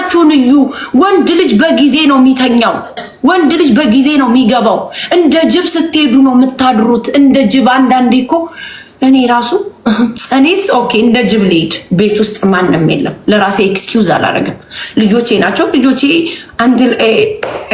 ራሳችሁን እዩ። ወንድ ልጅ በጊዜ ነው የሚተኛው። ወንድ ልጅ በጊዜ ነው የሚገባው። እንደ ጅብ ስትሄዱ ነው የምታድሩት። እንደ ጅብ አንዳንዴ እኮ እኔ ራሱ እኔስ ኦኬ እንደ ጅብ ልሂድ። ቤት ውስጥ ማንም የለም። ለራሴ ኤክስኪውዝ አላደረግም። ልጆቼ ናቸው። ልጆቼ አንድ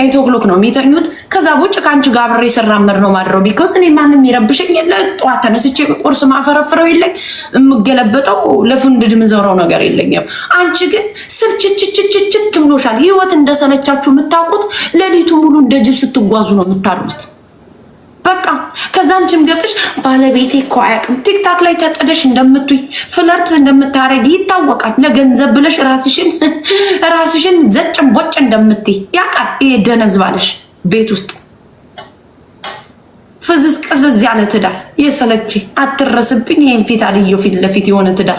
ኤት ኦክሎክ ነው የሚተኙት። ከዛ ውጭ ከአንቺ ጋር አብሬ ስራመድ ነው ማድረው። ቢኮዝ እኔ ማንም ይረብሸኝ የለ። ጠዋት ተነስቼ ቁርስ ማፈረፍረው የለኝ። የምገለበጠው ለፉንድድ ምዘረው ነገር የለኝም። አንቺ ግን ስብችችችችችት ትብሎሻል። ህይወት እንደሰለቻችሁ የምታውቁት ሌሊቱ ሙሉ እንደ ጅብ ስትጓዙ ነው የምታሉት። በቃ ከዛ አንቺም ገብተሽ ባለቤቴ እኮ አያውቅም ቲክታክ ላይ ተጥደሽ እንደምትይ ፍለርት እንደምታረጊ ይታወቃል። ለገንዘብ ብለሽ ራስሽን ራስሽን ዘጭን ቦጭ እንደምትይ ያውቃል። ይሄ ደነዝ ባለሽ ቤት ውስጥ ፍዝዝ ቅዝዝ ያለ ትዳር የሰለቼ አትረስብኝ። ይሄን ፊት አልየው ፊት ለፊት የሆነ ትዳር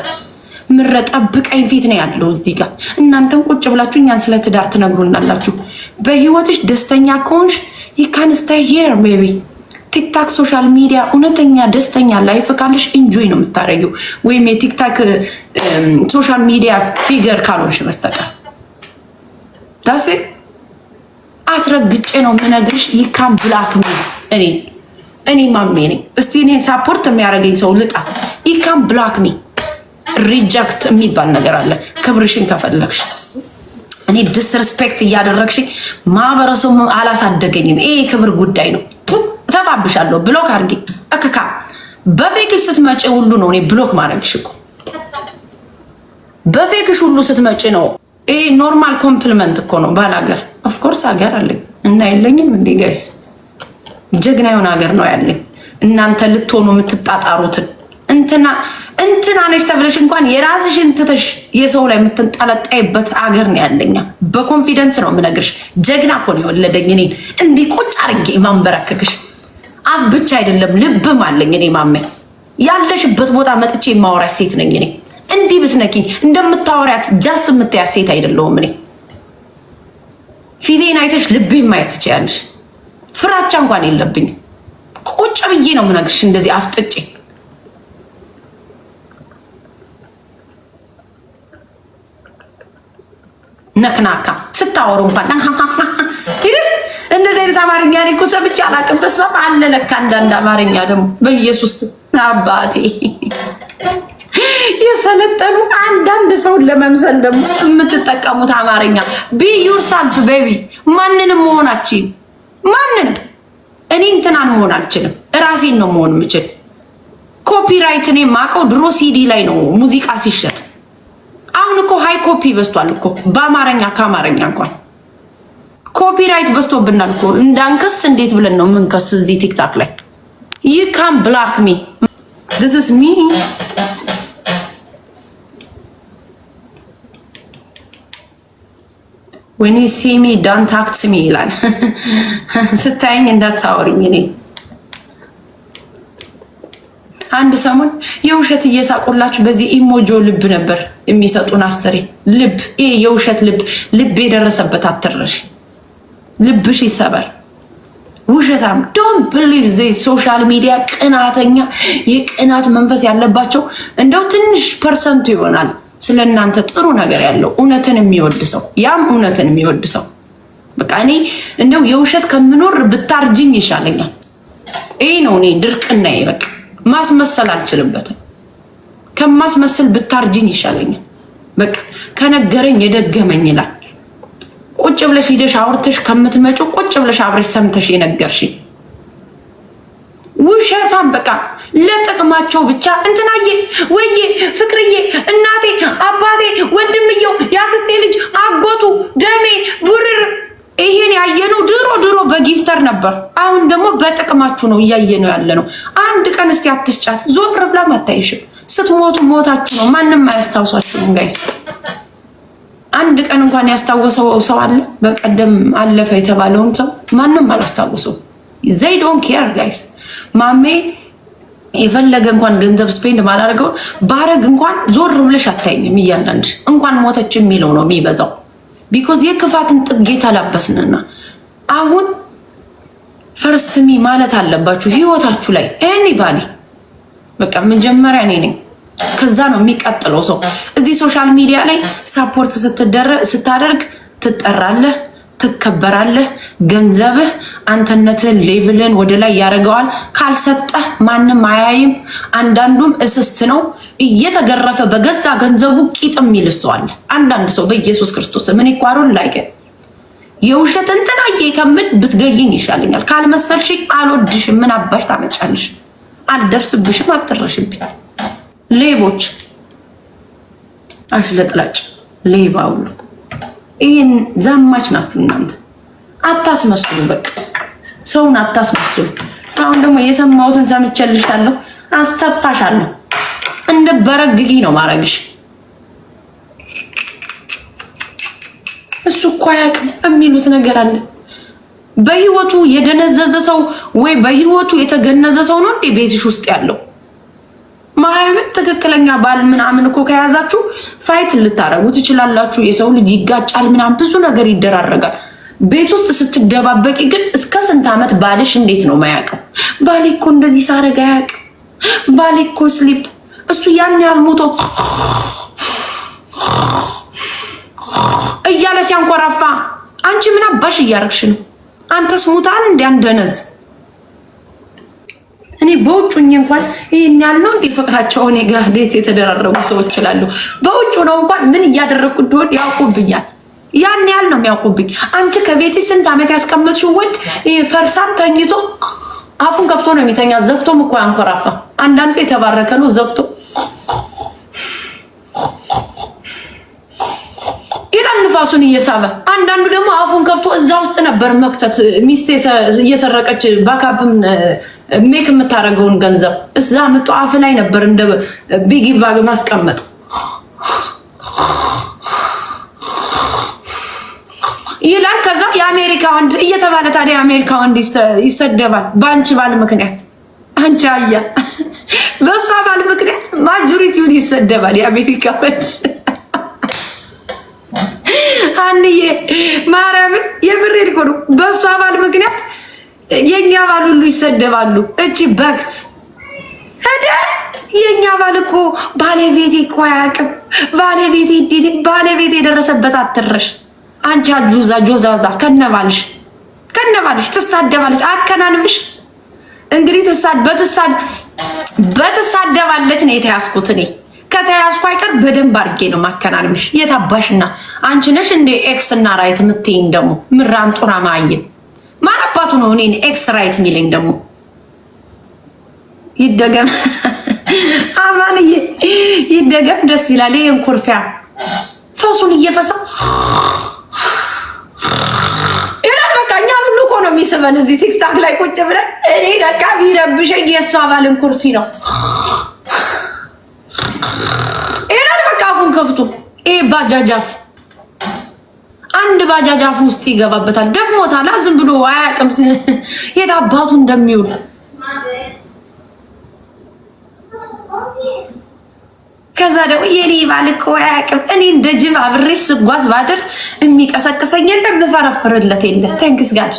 ምረጣ ጠብቀኝ ፊት ነው ያለው እዚህ ጋር። እናንተም ቁጭ ብላችሁ እኛን ስለ ትዳር ትነግሩናላችሁ። በህይወትሽ ደስተኛ ከሆንሽ ይካንስታ ሄር ቤቢ ቲክታክ ሶሻል ሚዲያ እውነተኛ ደስተኛ ላይፍ ካለሽ እንጆይ ነው የምታደርጊው፣ ወይም የቲክታክ ሶሻል ሚዲያ ፊገር ካልሆንሽ በስተቀር ዳሴ አስረግጬ ነው የምነግርሽ። ይካም ብላክ ሚ እኔ እኔ ማሜ ነኝ። እስቲ እኔ ሳፖርት የሚያደርገኝ ሰው ልጣ። ይካም ብላክ ሚ ሪጀክት የሚባል ነገር አለ። ክብርሽን ከፈለግሽ እኔ ዲስሪስፔክት እያደረግሽ ማህበረሰቡ አላሳደገኝም። ይሄ የክብር ጉዳይ ነው። ተባብሻለሁ ብሎክ አርጊ እክካ በፌክሽ ስትመጪ ሁሉ ነው እኔ ብሎክ ማድረግሽ እኮ በፌክሽ ሁሉ ስትመጪ ነው። ይሄ ኖርማል ኮምፕሊመንት እኮ ነው። ባል ሀገር ኦፍኮርስ ሀገር አለኝ እና የለኝም እንዴ ጋይስ፣ ጀግና የሆነ ሀገር ነው ያለኝ። እናንተ ልትሆኑ የምትጣጣሩትን እንትና እንትና ነች ተብለሽ እንኳን የራስሽን ትተሽ የሰው ላይ የምትንጠለጣይበት አገር ነው ያለኛ። በኮንፊደንስ ነው የምነግርሽ። ጀግና እኮ ነው የወለደኝ እኔን እንዲህ ቁጭ አድርጌ ማንበረክክሽ አፍ ብቻ አይደለም ልብም አለኝ። እኔ ማመ ያለሽበት ቦታ መጥቼ የማወራሽ ሴት ነኝ እኔ። እንዲህ ብትነኪኝ እንደምታወሪያት ጃስ የምትያት ሴት አይደለሁም እኔ። ፊቴን አይተሽ ልቤን ማየት ትችያለሽ። ፍራቻ እንኳን የለብኝም። ቁጭ ብዬ ነው ምናግርሽ እንደዚህ አፍጥጬ ነክናካ ስታወሩ እንኳን እንደዚህ አይነት አማርኛ እኔ እኮ ሰምቼ አላውቅም። ተስፋም አለ ለካ አንዳንድ አማርኛ ደግሞ በኢየሱስ አባቴ የሰለጠኑ አንዳንድ ሰውን ለመምሰል ደግሞ የምትጠቀሙት አማርኛ ቢ ዩርሰልፍ ቤቢ። ማንንም መሆናችን ማንንም እኔ እንትናን መሆን አልችልም። እራሴን ነው መሆን የምችል። ኮፒራይት እኔ የማውቀው ድሮ ሲዲ ላይ ነው ሙዚቃ ሲሸጥ። አሁን እኮ ሃይ ኮፒ በዝቷል እኮ በአማርኛ ከአማርኛ እንኳን ኮፒራይት በዝቶብናል እኮ እንዳንከስ እንዴት ብለን ነው ምንከስ? እዚህ ቲክታክ ላይ ዩ ካም ብላክ ሚ ስ ኢዝ ሚ ዌን ዩ ሲ ሚ ዶንት ታክት ሚ ይላል። ስታይኝ እንዳታወሪኝ እኔ አንድ ሰሞን የውሸት እየሳቁላችሁ በዚህ ኢሞጆ ልብ ነበር የሚሰጡን። አስሬ ልብ ይሄ የውሸት ልብ ልብ የደረሰበት አትረሽ ልብሽ ይሰበር። ውሸታም ዶን ብሊቭ ዘ ሶሻል ሚዲያ ቅናተኛ፣ የቅናት መንፈስ ያለባቸው እንደው ትንሽ ፐርሰንቱ ይሆናል ስለ እናንተ ጥሩ ነገር ያለው እውነትን የሚወድ ሰው፣ ያም እውነትን የሚወድ ሰው። በቃ እኔ እንደው የውሸት ከምኖር ብታርጅኝ ይሻለኛል። ይህ ነው እኔ ድርቅና በቃ ማስመሰል አልችልበትም። ከማስመሰል ብታርጅኝ ይሻለኛል። በቃ ከነገረኝ የደገመኝ ይላል። ቁጭ ብለሽ ሂደሽ አውርተሽ ከምትመጪ ቁጭ ብለሽ አብረሽ ሰምተሽ የነገርሽ ውሸታም በቃ ለጥቅማቸው ብቻ እንትናዬ ወዬ ፍቅርዬ እናቴ አባቴ ወንድምየው የአክስቴ ልጅ አጎቱ ደሜ ቡርር ይሄን ያየነው ድሮ ድሮ በጊፍተር ነበር። አሁን ደግሞ በጥቅማችሁ ነው እያየነው ነው። አንድ ቀን እስቲ አትስጫት ዞር ብላም አታይሽም። ስትሞቱ ሞታችሁ ነው። ማንም አያስታውሳችሁም ጋይስ አንድ ቀን እንኳን ያስታወሰው ሰው አለ? በቀደም አለፈ የተባለውን ሰው ማንም አላስታወሰው። ዘይ ዶን ኬር ጋይስ። ማሜ የፈለገ እንኳን ገንዘብ ስፔንድ ማላደርገው ባረግ እንኳን ዞር ብለሽ አታይኝም። እያንዳንድ እንኳን ሞተች የሚለው ነው የሚበዛው። ቢኮዝ የክፋትን ጥጌት አላበስንና አሁን ፈርስትሚ ማለት አለባችሁ ህይወታችሁ ላይ ኤኒባዲ። በቃ መጀመሪያ እኔ ነኝ። ከዛ ነው የሚቀጥለው ሰው እዚህ ሶሻል ሚዲያ ላይ ሳፖርት ስታደርግ ትጠራለህ፣ ትከበራለህ። ገንዘብህ አንተነትህን ሌቭልን ወደ ላይ ያደርገዋል። ካልሰጠህ ማንም አያይም። አንዳንዱም እስስት ነው እየተገረፈ በገዛ ገንዘቡ ቂጥም ይልሰዋል። አንዳንድ ሰው በኢየሱስ ክርስቶስ ምን ይኳሩን ላይገ ግን የውሸት እንትናዬ ከምል ብትገይኝ ይሻለኛል። ካልመሰልሽ አልወድሽም። ምን አባሽ ታመጫለሽ? አልደርስብሽም፣ አትረሽብኝ ሌቦች፣ አሽለጥላጭ፣ ሌባ ሁሉ ይህን ዛማች ናችሁ እናንተ። አታስመስሉ፣ በቃ ሰውን አታስመስሉ። አሁን ደግሞ የሰማሁትን ሰምቼልሻለሁ፣ አስተፋሻለሁ። እንደ በረግጊ ነው ማረግሽ። እሱ እኮ አያውቅም የሚሉት ነገር አለ። በህይወቱ የደነዘዘ ሰው ወይ በህይወቱ የተገነዘ ሰው ነው እንዴ ቤትሽ ውስጥ ያለው? ትክክለኛ ባል ምናምን እኮ ከያዛችሁ ፋይት ልታረጉ ትችላላችሁ። የሰው ልጅ ይጋጫል ምናምን ብዙ ነገር ይደራረጋል። ቤት ውስጥ ስትደባበቂ ግን እስከ ስንት ዓመት ባልሽ እንዴት ነው ማያውቀው? ባሌ እኮ እንደዚህ ሳረግ አያውቅም። ባሌ እኮ ስሊፕ እሱ ያን ያህል ሞቶ እያለ ሲያንኮራፋ አንቺ ምን አባሽ እያረግሽ ነው? አንተስ ሙታል እንዲያንደነዝ እኔ በውጭ ሁኜ እንኳን ይሄን ያልነው እንዴ ፍቅራቸው እኔ ጋር ዴት የተደራረጉ ሰዎች ይችላሉ። በውጭ ነው እንኳን ምን እያደረግኩ እንደሆነ ያውቁብኛል። ያን ያህል ነው የሚያውቁብኝ። አንቺ ከቤት ስንት ዓመት ያስቀመጥሽው ወንድ ፈርሳም ተኝቶ አፉን ከፍቶ ነው የሚተኛ። ዘግቶም እኮ አንኮራፋ። አንዳንዱ የተባረከ ነው ዘግቶ ይላል ንፋሱን እየሳበ። አንዳንዱ ደግሞ አፉን ከፍቶ እዛ ውስጥ ነበር መክተት ሚስቴ እየሰረቀች ባካፕም ሜክ የምታደርገውን ገንዘብ እዛ ምጡ አፍ ላይ ነበር እንደ ቢጊ ባግ ማስቀመጥ። ይላል ከዛ የአሜሪካ ወንድ እየተባለ ታዲያ የአሜሪካ ወንድ ይሰደባል። በአንቺ ባል ምክንያት አንቺ አያ በእሷ ባል ምክንያት ማጆሪቲውን ይሰደባል የአሜሪካ ወንድ። አንዬ ማርያምን የምሬድ ኮ በእሷ ባል የእኛ ባል ሁሉ ይሰደባሉ። እቺ በክት እደ የእኛ ባል እኮ ባለቤቴ እኮ አያውቅም። ባለቤቴ ዲዲ ባለቤቴ የደረሰበት አትረሽ። አንቺ አጁዛ ጆዛዛ ከነባልሽ ከነባልሽ ትሳደባለች። አከናንብሽ እንግዲህ ትሳድ በትሳድ በትሳደባለች ነው የተያዝኩት እኔ ከተያዝኩ አይቀር በደንብ አድርጌ ነው ማከናንብሽ። የታባሽና አንቺ ነሽ እንደ ኤክስ እና ራይት የምትይኝ ደግሞ ምራን ጡራ ማይም ማረባ ጥፋቱ ነው እኔን ኤክስ ራይት የሚለኝ ደግሞ ይደገም አማንዬ ይደገም ደስ ይላል። ይህን ኩርፊያ ፈሱን እየፈሳ ይላል። በቃ እኛ ሁሉ እኮ ነው የሚስበን እዚህ ቲክታክ ላይ ቁጭ ብለን እኔ በቃ ቢረብሸኝ የእሱ አባልን ኩርፊ ነው ይላል። በቃ አፉን ከፍቶ ይሄ ባጃጃፍ አንድ ባጃጅ አፍ ውስጥ ይገባበታል። ደግሞ ታላ ዝም ብሎ አያውቅም የት አባቱ እንደሚውል። ከዛ ደግሞ የኔ ባል እኮ አያውቅም። እኔ እንደ ጅብ አብሬሽ ስጓዝ ባድር የሚቀሰቅሰኝ የለ ምፈረፍርለት የለ ተንክስ ጋር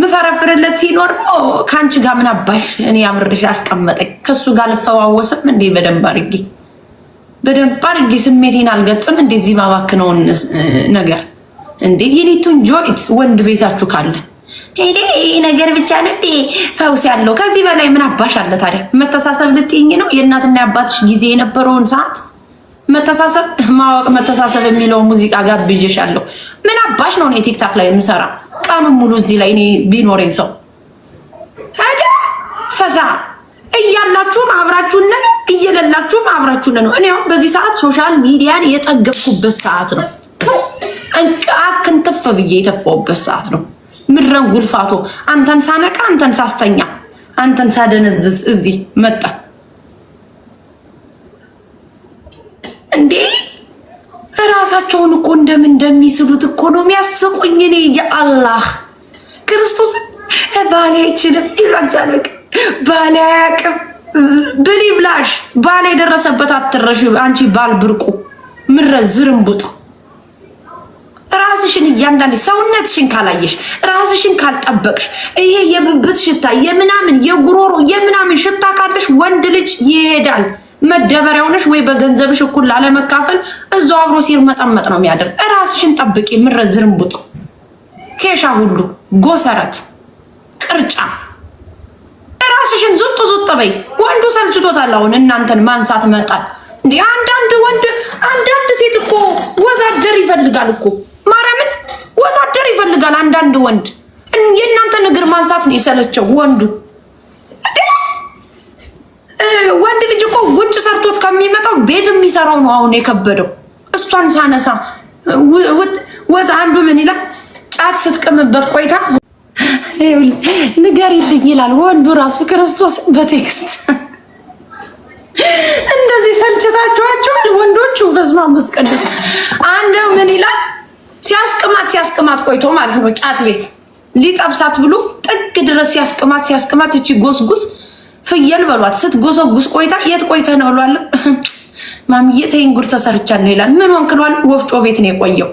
ምፈረፍርለት ሲኖር ነው። ከአንቺ ጋር ምን አባሽ እኔ አብሬሽ አስቀመጠኝ። ከሱ ጋር ልፈዋወስም እንዴ በደንብ አድርጌ በደንብ አድርጌ ስሜቴን አልገልጽም። እንደዚህ ማባክነውን ነገር እንዴ የኔቱን ጆይት ወንድ ቤታችሁ ካለ ሄደ ይህ ነገር ብቻ ነው እንዴ ፈውስ ያለው? ከዚህ በላይ ምን አባሽ አለ ታዲያ? መተሳሰብ ልትይኝ ነው? የእናትና የአባትሽ ጊዜ የነበረውን ሰዓት መተሳሰብ ማወቅ መተሳሰብ የሚለው ሙዚቃ አለው ምን አባሽ ነው እኔ ቲክታክ ላይ የምሰራ ቀኑን ሙሉ እዚህ ላይ እኔ ቢኖረኝ ሰው ፈሳ እያላችሁም አብራችሁን ነገር እየሌላችሁም አብራችሁ ነው። እኔ አሁን በዚህ ሰዓት ሶሻል ሚዲያን የጠገብኩበት ሰዓት ነው። ክንትፍ ብዬ የተፋሁበት ሰዓት ነው። ምድረን ጉልፋቶ አንተን ሳነቃ፣ አንተን ሳስተኛ፣ አንተን ሳደነዝዝ እዚህ መጣ እንዴ! እራሳቸውን እኮ እንደምን እንደሚስሉት እኮ ነው የሚያስቁኝ። እኔ የአላህ ክርስቶስ ባሌ አይችልም ይላል። ባሌ አያውቅም ብሊ ብላሽ ባል የደረሰበት አትረሽ። አንቺ ባል ብርቁ ምረዝ ዝርምቡጥ ራስሽን እያንዳንድ ሰውነትሽን ካላየሽ ራስሽን ካልጠበቅሽ ይሄ የብብት ሽታ የምናምን የጉሮሮ የምናምን ሽታ ካለሽ ወንድ ልጅ ይሄዳል። መደበሪያውንሽ ወይ በገንዘብሽ እኩል ላለመካፈል እዛው አብሮ ሲር መጠመጥ ነው የሚያደርግ። ራስሽን ጠብቂ። ምረዝ ዝርምቡጥ፣ ኬሻ ሁሉ ጎሰረት፣ ቅርጫ ራስሽን ዙጥ ዙጥ በይ። ወንዱ ሰልችቶታል። አሁን እናንተን ማንሳት መጣል እንዴ! አንዳንድ ወንድ አንዳንድ ሴት እኮ ወዛደር ይፈልጋል እኮ ማርያምን፣ ወዛደር ይፈልጋል አንዳንድ ወንድ። የእናንተን እግር ማንሳት ነው የሰለቸው ወንዱ። ወንድ ልጅ እኮ ውጭ ሰርቶት ከሚመጣው ቤት የሚሰራው ነው አሁን የከበደው። እሷን ሳነሳ አንዱ ምን ይላል? ጫት ስትቅምበት ቆይታ ንገሪልኝ ይላል ወንዱ ራሱ ክርስቶስ በቴክስት እንደዚህ ሰልችታችኋቸዋል ወንዶቹ። በስመ አብ ቅዱስ ምን ይላል ሲያስቅማት ሲያስቅማት ቆይቶ ማለት ነው ጫት ቤት ሊጠብሳት ብሎ ጥግ ድረስ ሲያስቅማት ሲያስቅማት እቺ ጎስጉስ ፍየል በሏት ስትጎሰጉስ ቆይታ የት ቆይተ ነው ብሏለሁ ማምዬ ተይኝ ጉድ ተሰርቻለሁ ይላል። ምን ወንክሏል? ወፍጮ ቤት ነው የቆየው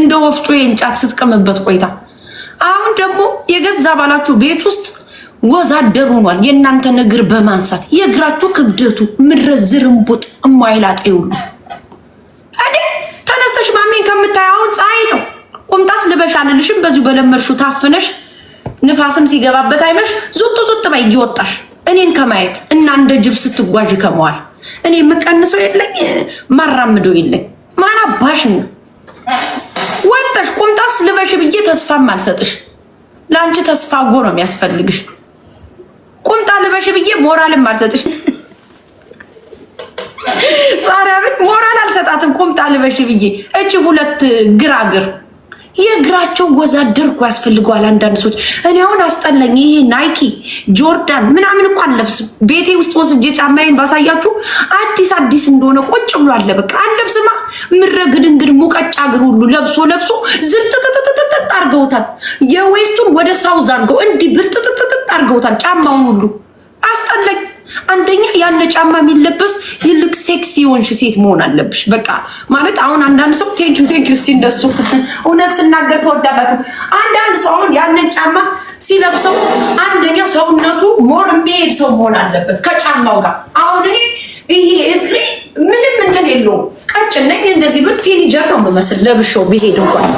እንደ ወፍጮ የእንጫት ስትቀምበት ቆይታ አሁን ደግሞ የገዛ ባላችሁ ቤት ውስጥ ወዛደር ሆኗል። የእናንተን እግር በማንሳት የእግራችሁ ክብደቱ ምድረ ዝርንቡጥ እማይላጤ ሁሉ እኔ ተነስተሽ ማሜን ከምታይ አሁን ፀሐይ ነው ቁምጣስ ልበሽ አልልሽም። በዚሁ በለመድሹ ታፍነሽ ንፋስም ሲገባበት አይመሽ ዙጥ ዙጥ በይ እየወጣሽ እኔን ከማየት እና እንደ ጅብ ስትጓዥ ከመዋል እኔ የምቀንሰው የለኝ ማራምደው የለኝ ማናባሽ ነው ወጣሽ ቁምጣስ ልበሽ ብዬ ተስፋም አልሰጥሽ። ለአንቺ ተስፋ ጎ ነው የሚያስፈልግሽ። ቁምጣ ልበሽ ብዬ ሞራልም አልሰጥሽ። ማርያምን ሞራል አልሰጣትም። ቁምጣ ልበሽ ብዬ እቺ ሁለት ግራግር የእግራቸው ወዛደር እኮ ያስፈልገዋል። አንዳንድ ሰዎች እኔ አሁን አስጠላኝ። ይሄ ናይኪ ጆርዳን ምናምን እኮ አለብስም። ቤቴ ውስጥ ወስጄ ጫማዬን ባሳያችሁ አዲስ አዲስ እንደሆነ ቁጭ ብሎ አለ። በቃ አለብስማ። ምረግድ እንግድ ሙቀጫ እግር ሁሉ ለብሶ ለብሶ ዝርጥጥጥጥጥ አርገውታል። የዌስቱን ወደ ሳውዝ አርገው እንዲህ ብልጥጥጥጥ አርገውታል። ጫማውን ሁሉ አስጠላኝ። አንደኛ ያለ ጫማ የሚለበስ ይልቅ ሴክሲ የሆንሽ ሴት መሆን አለብሽ። በቃ ማለት አሁን አንዳንድ ሰው ቴንኪዩ ቴንኪዩ እስቲ እንደሱ እውነት ስናገር ተወዳላት። አንዳንድ ሰው አሁን ያለ ጫማ ሲለብሰው አንደኛ ሰውነቱ ሞር የሚሄድ ሰው መሆን አለበት ከጫማው ጋር። አሁን እኔ ይሄ እግሬ ምንም እንትን የለውም ቀጭን ነኝ። እንደዚህ ብት ቲኒጀር ነው የምመስል ለብሼው ብሄድ እንኳን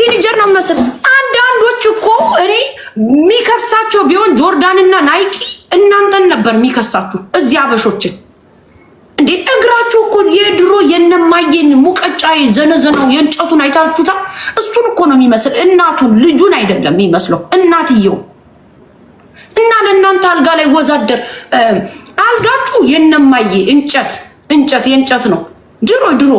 ቲኒጀር ነው የምመስል። አንዳንዶች እኮ እኔ የሚከሳቸው ቢሆን ጆርዳንና ናይቂ እናንተን ነበር የሚከሳችሁ። እዚህ አበሾችን እንዴ እግራችሁ እኮ የድሮ የነማየን ሙቀጫ ዘነዘነው የእንጨቱን አይታችሁታል። እሱን እኮ ነው የሚመስል እናቱን ልጁን አይደለም የሚመስለው እናትየው እና ለእናንተ አልጋ ላይ ወዛደር አልጋችሁ የነማየ እንጨት እንጨት የእንጨት ነው ድሮ ድሮ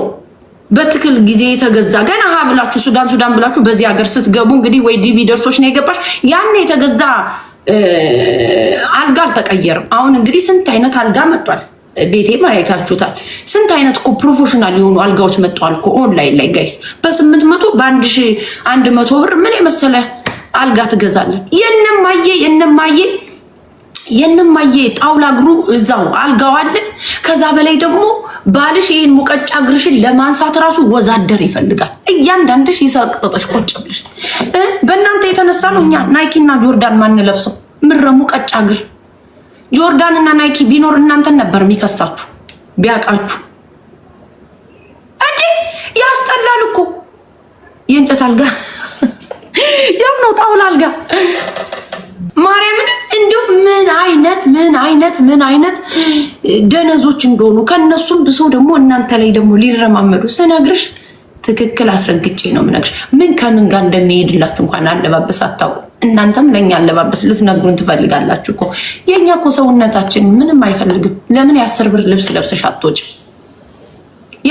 በትክል ጊዜ የተገዛ ገና ሀ ብላችሁ ሱዳን ሱዳን ብላችሁ በዚህ ሀገር ስትገቡ እንግዲህ ወይ ዲቪ ደርሶች ነው የገባሽ። ያን የተገዛ አልጋ አልተቀየርም። አሁን እንግዲህ ስንት አይነት አልጋ መጥቷል። ቤቴ ማየታችሁታል። ስንት አይነት እኮ ፕሮፌሽናል የሆኑ አልጋዎች መጥተዋል እኮ ኦንላይን ላይ ጋይስ። በስምንት መቶ በአንድ ሺ አንድ መቶ ብር ምን የመሰለ አልጋ ትገዛለን። የነማየ የነማየ የእነማዬ ጣውላ እግሩ እዛው አልጋው አለ። ከዛ በላይ ደግሞ ባልሽ ይህን ሙቀጫ እግርሽን ለማንሳት ራሱ ወዛደር ይፈልጋል። እያንዳንድሽ ይሰቅጥጥሽ ቁጭ ብለሽ በእናንተ የተነሳ ነው እኛ ናይኪና ጆርዳን ማንለብሰው ምረ ሙቀጫ እግር ጆርዳንና ናይኪ ቢኖር እናንተን ነበር የሚከሳችሁ ቢያውቃችሁ። እንዴ ያስጠላል እኮ የእንጨት አልጋ ያም ነው ጣውላ አልጋ ማርያምን እንዲሁ ምን አይነት ምን አይነት ምን አይነት ደነዞች እንደሆኑ ከነሱም ብሶ ደግሞ እናንተ ላይ ደግሞ ሊረማመዱ ስነግርሽ ትክክል አስረግጬ ነው የምነግርሽ። ምን ከምን ጋር እንደሚሄድላችሁ እንኳን አለባበስ አታውቁ። እናንተም ለእኛ አለባበስ ልትነግሩን ትፈልጋላችሁ እኮ። የእኛ እኮ ሰውነታችን ምንም አይፈልግም። ለምን የአስር ብር ልብስ ለብሰሽ አትወጭ?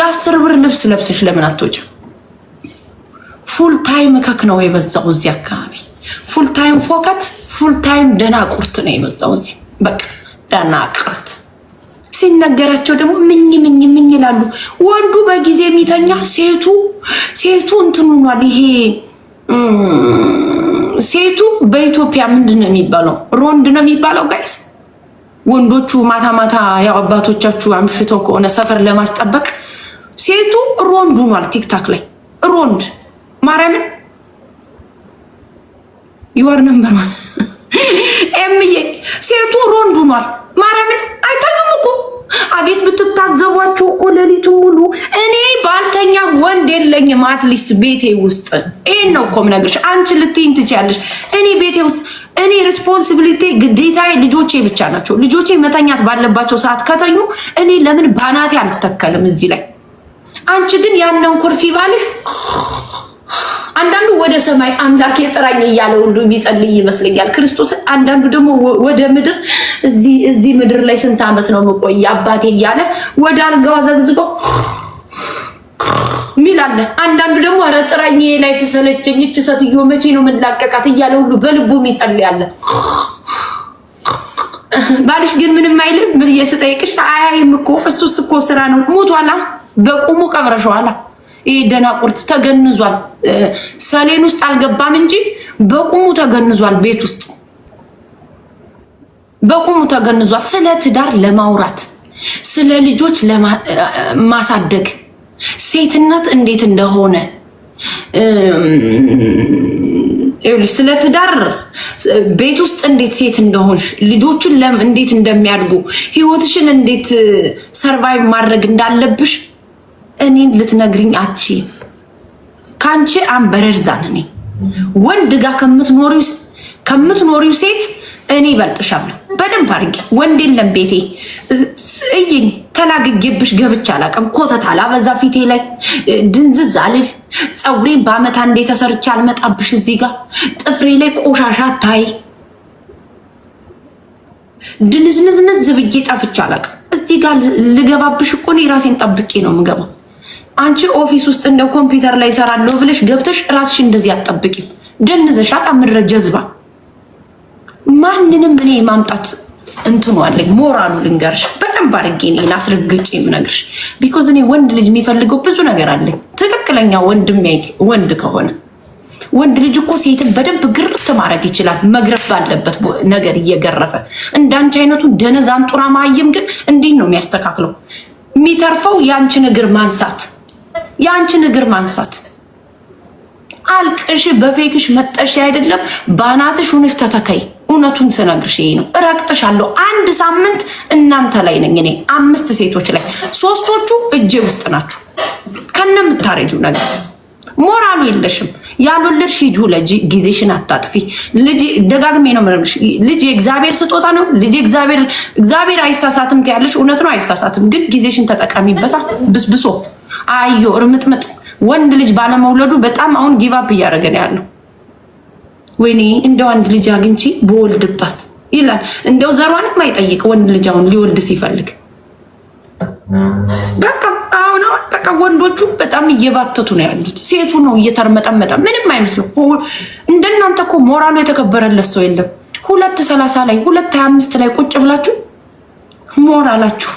የአስር ብር ልብስ ለብሰሽ ለምን አትወጭ? ፉል ታይም እከክ ነው የበዛው እዚህ አካባቢ ፉል ታይም ፎከት ፉል ታይም ደናቁርት ነው የመጣው እዚህ። በቃ ቁርት ሲነገራቸው ደግሞ ምኝ ምኝ ምኝ ይላሉ። ወንዱ በጊዜ የሚተኛ ሴቱ ሴቱ እንትን ሆኗል። ይሄ ሴቱ በኢትዮጵያ ምንድን ነው የሚባለው? ሮንድ ነው የሚባለው ጋይስ። ወንዶቹ ማታ ማታ ያው አባቶቻችሁ አምሽተው ከሆነ ሰፈር ለማስጠበቅ ሴቱ ሮንድ ሆኗል። ቲክታክ ላይ ሮንድ ማርያምን ይዋር ነምበር ዋን ኤምዬ ሴቱ ሮንድ ሆኗል። ማርያምን አይተኙም እኮ አቤት ብትታዘቧቸው እኮ ሌሊቱ ሙሉ እኔ ባልተኛ ወንድ የለኝም። አትሊስት ቤቴ ውስጥ ይሄን ነው እኮ የምነግርሽ። አንቺ ልትይኝ ትችያለሽ። እኔ ቤቴ ውስጥ እኔ ሪስፖንሲቢሊቲ ግዴታ ልጆቼ ብቻ ናቸው። ልጆቼ መተኛት ባለባቸው ሰዓት ከተኙ እኔ ለምን ባናቴ አልተከልም እዚህ ላይ። አንቺ ግን ያንን ኩርፊ ባልሽ አንዳንዱ ወደ ሰማይ አምላኬ ጥራኝ እያለ ሁሉ የሚጸልይ ይመስለኛል ክርስቶስ። አንዳንዱ ደግሞ ወደ ምድር እዚህ ምድር ላይ ስንት ዓመት ነው መቆይ አባቴ እያለ ወደ አልጋው አዘግዝጎ ሚል አለ። አንዳንዱ ደግሞ ኧረ ጥራኝ ላይ ሰለቸኝ፣ ይች ሴትዮ መቼ ነው የምንላቀቃት እያለ ሁሉ በልቡ የሚጸልይ አለ። ባልሽ ግን ምንም አይልም ብዬ ስጠይቅሽ አያይም እኮ እሱስ እኮ ስራ ነው። ሞቷላ በቁሙ ቀብረሸዋላ ይሄ ደናቁርት ተገንዟል። ሰሌን ውስጥ አልገባም እንጂ በቁሙ ተገንዟል። ቤት ውስጥ በቁሙ ተገንዟል። ስለ ትዳር ለማውራት ስለ ልጆች ማሳደግ ሴትነት እንዴት እንደሆነ ስለ ትዳር ቤት ውስጥ እንዴት ሴት እንደሆንሽ ልጆችን እንዴት እንደሚያድጉ ህይወትሽን እንዴት ሰርቫይቭ ማድረግ እንዳለብሽ እኔን ልትነግሪኝ አቺ ከአንቺ አንበረር ዛን እኔ ወንድ ጋር ከምትኖሪው ሴት እኔ ይበልጥሻለሁ። በደንብ አድርጌ ወንድ የለም ቤቴ እይኝ ተላግጌብሽ ገብቼ አላውቅም። ኮተት አላበዛ ፊቴ ላይ ድንዝዝ አልል። ፀጉሬን በአመት አንዴ ተሰርቼ አልመጣብሽ እዚህ ጋር ጥፍሬ ላይ ቆሻሻ ታይ ድንዝንዝንዝ ብዬ ጠፍቼ አላውቅም። እዚህ ጋር ልገባብሽ እኮ እኔ ራሴን ጠብቄ ነው የምገባው። አንቺ ኦፊስ ውስጥ እንደ ኮምፒውተር ላይ ይሰራለሁ ብለሽ ገብተሽ ራስሽ እንደዚህ አትጠብቂም። ደንዘሻል። አምድረ ጀዝባ ማንንም እኔ ማምጣት እንትኑ አለኝ ሞራሉ ልንገርሽ በደንብ አድርጌ እኔን አስረግጬ የምነግርሽ ቢኮዝ እኔ ወንድ ልጅ የሚፈልገው ብዙ ነገር አለኝ። ትክክለኛ ወንድ ወንድ ከሆነ ወንድ ልጅ እኮ ሴትን በደንብ ግርት ማድረግ ይችላል። መግረፍ ባለበት ነገር እየገረፈ እንዳንቺ አይነቱ ደነዝ አንጡራ ማየም ግን እንዴት ነው የሚያስተካክለው? የሚተርፈው የአንችን እግር ማንሳት የአንቺን እግር ማንሳት አልቅሽ በፌክሽ መጠሽ አይደለም ባናትሽ ሁንሽ ተተከይ። እውነቱን ስነግርሽ ይሄ ነው። እረቅጥሻለሁ። አንድ ሳምንት እናንተ ላይ ነኝ እኔ አምስት ሴቶች ላይ ሶስቶቹ እጄ ውስጥ ናቸው። ከነምታረጁ ነገር ሞራሉ የለሽም። ያሉልሽ ልጅ ለጂ ጊዜሽን አታጥፊ። ልጅ ደጋግሜ ነው የምልሽ፣ ልጅ የእግዚአብሔር ስጦታ ነው። ልጅ እግዚአብሔር እግዚአብሔር አይሳሳትም ትያለሽ፣ እውነት ነው፣ አይሳሳትም። ግን ጊዜሽን ተጠቀሚበታ ብስብሶ አዮ እርምጥምጥ ወንድ ልጅ ባለመውለዱ በጣም አሁን ጊቫፕ እያደረገ ነው ያለው። ወይኔ እንደው አንድ ልጅ አግንቺ በወልድባት ይላል። እንደው ዘሯንም አይጠይቅ ወንድ ልጅ አሁን ሊወልድ ሲፈልግ በቃ አሁን አሁን በቃ ወንዶቹ በጣም እየባተቱ ነው ያሉት። ሴቱ ነው እየተርመጠመጠ ምንም አይመስለው። እንደናንተ እኮ ሞራሉ የተከበረለት ሰው የለም። ሁለት ሰላሳ ላይ ሁለት ሀያ አምስት ላይ ቁጭ ብላችሁ ሞራላችሁ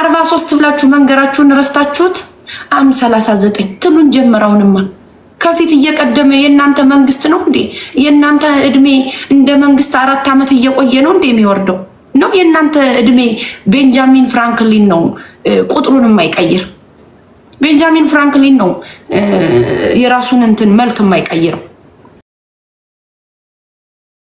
አርባ ሶስት ብላችሁ መንገራችሁን ረስታችሁት አም ሰላሳ ዘጠኝ ትሉን ጀምረውንማ ከፊት እየቀደመ የእናንተ መንግስት ነው እንዴ? የእናንተ እድሜ እንደ መንግስት አራት ዓመት እየቆየ ነው እንዴ የሚወርደው ነው? የእናንተ እድሜ ቤንጃሚን ፍራንክሊን ነው ቁጥሩን የማይቀይር ቤንጃሚን ፍራንክሊን ነው የራሱን እንትን መልክ የማይቀይረው።